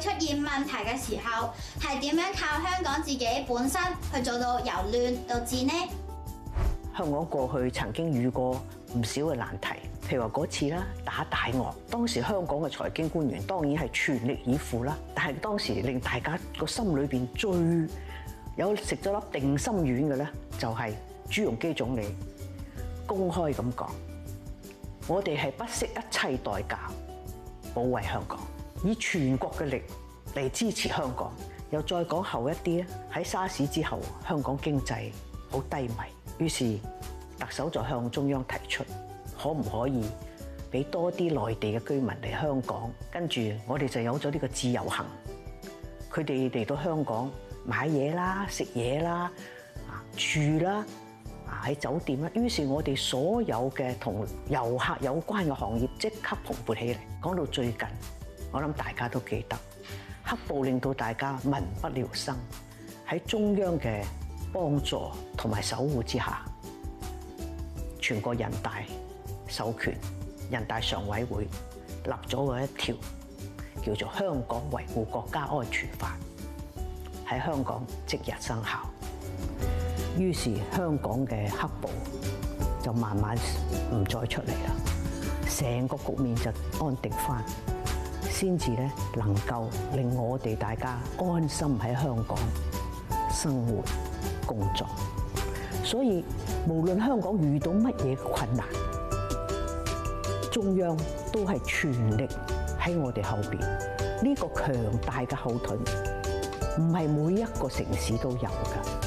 出現問題嘅時候，係點樣靠香港自己本身去做到由亂到治呢？香港過去曾經遇過唔少嘅難題，譬如話嗰次啦，打大鱷，當時香港嘅財經官員當然係全力以赴啦，但係當時令大家個心裏邊最有食咗粒定心丸嘅咧，就係、是、朱鎔基總理公開咁講：我哋係不惜一切代價保衛香港。以全國嘅力嚟支持香港，又再講後一啲咧，喺沙士之後，香港經濟好低迷。於是特首就向中央提出，可唔可以俾多啲內地嘅居民嚟香港？跟住我哋就有咗呢個自由行，佢哋嚟到香港買嘢啦、食嘢啦、啊住啦啊喺酒店啦。於是，我哋所有嘅同遊客有關嘅行業即刻蓬勃起嚟。講到最近。我諗大家都記得黑暴令到大家民不聊生。喺中央嘅幫助同埋守護之下，全國人大授權人大常委會立咗個一條叫做《香港維護國家安全法》，喺香港即日生效。於是香港嘅黑暴就慢慢唔再出嚟啦，成個局面就安定返。先至咧，能夠令我哋大家安心喺香港生活工作。所以，無論香港遇到乜嘢困難，中央都係全力喺我哋後面。呢個強大嘅後盾，唔係每一個城市都有㗎。